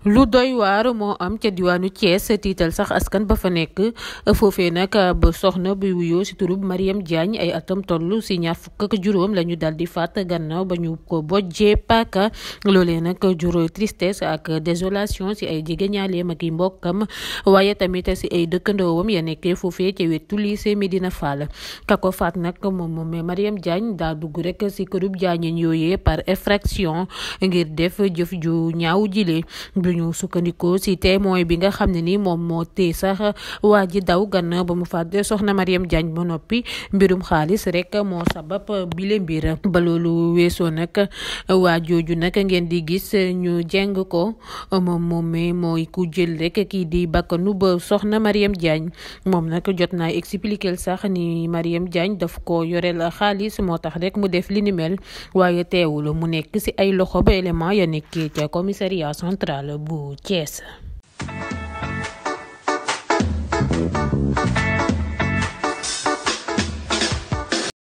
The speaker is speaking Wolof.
lu doy waar moo am ca diwaanu Thiès tiital sax askan ba fa nekk foofee nag ba soxna buy wuyoo si turub Mariam Diagne ay atam toll si ñaar fukk ak juróom la ñu daal di faat gannaaw ba ñu ko bojjee paaka loolee nag juróo tristesse ak désolation si ay jegeñaaleem ak i mbokkam waaye tamit si ay dëkkandoowam ya nekkee foofee ca wetu lycée Medina Fall ka ko faat nag moom moom Mariam Diagne daa dugg rek si kërub Diagne yooyee par effraction ngir def jëf ju ñaaw jile. bu ñu sukkandikoo si témoin bi nga xam ne ni moom moo tee sax waa ji daw ganna ba mu fàtte soxna Mariam Diagne ba noppi mbirum xaalis rek moo sabab bile mbir ba loolu weesoo nag waa jooju naka ngeen di gis ñu jeng ko moom moomee mooy ku jël rek kii di bakkanu ba soxna Mariam Diagne moom nag jot naa expliquer sax ni Mariam Diagne daf ko yoreel xaalis moo tax rek mu def li ni mel waaye mu nekk ci ay loxo ba élément ya nekkee ca commissariat central bu Thiès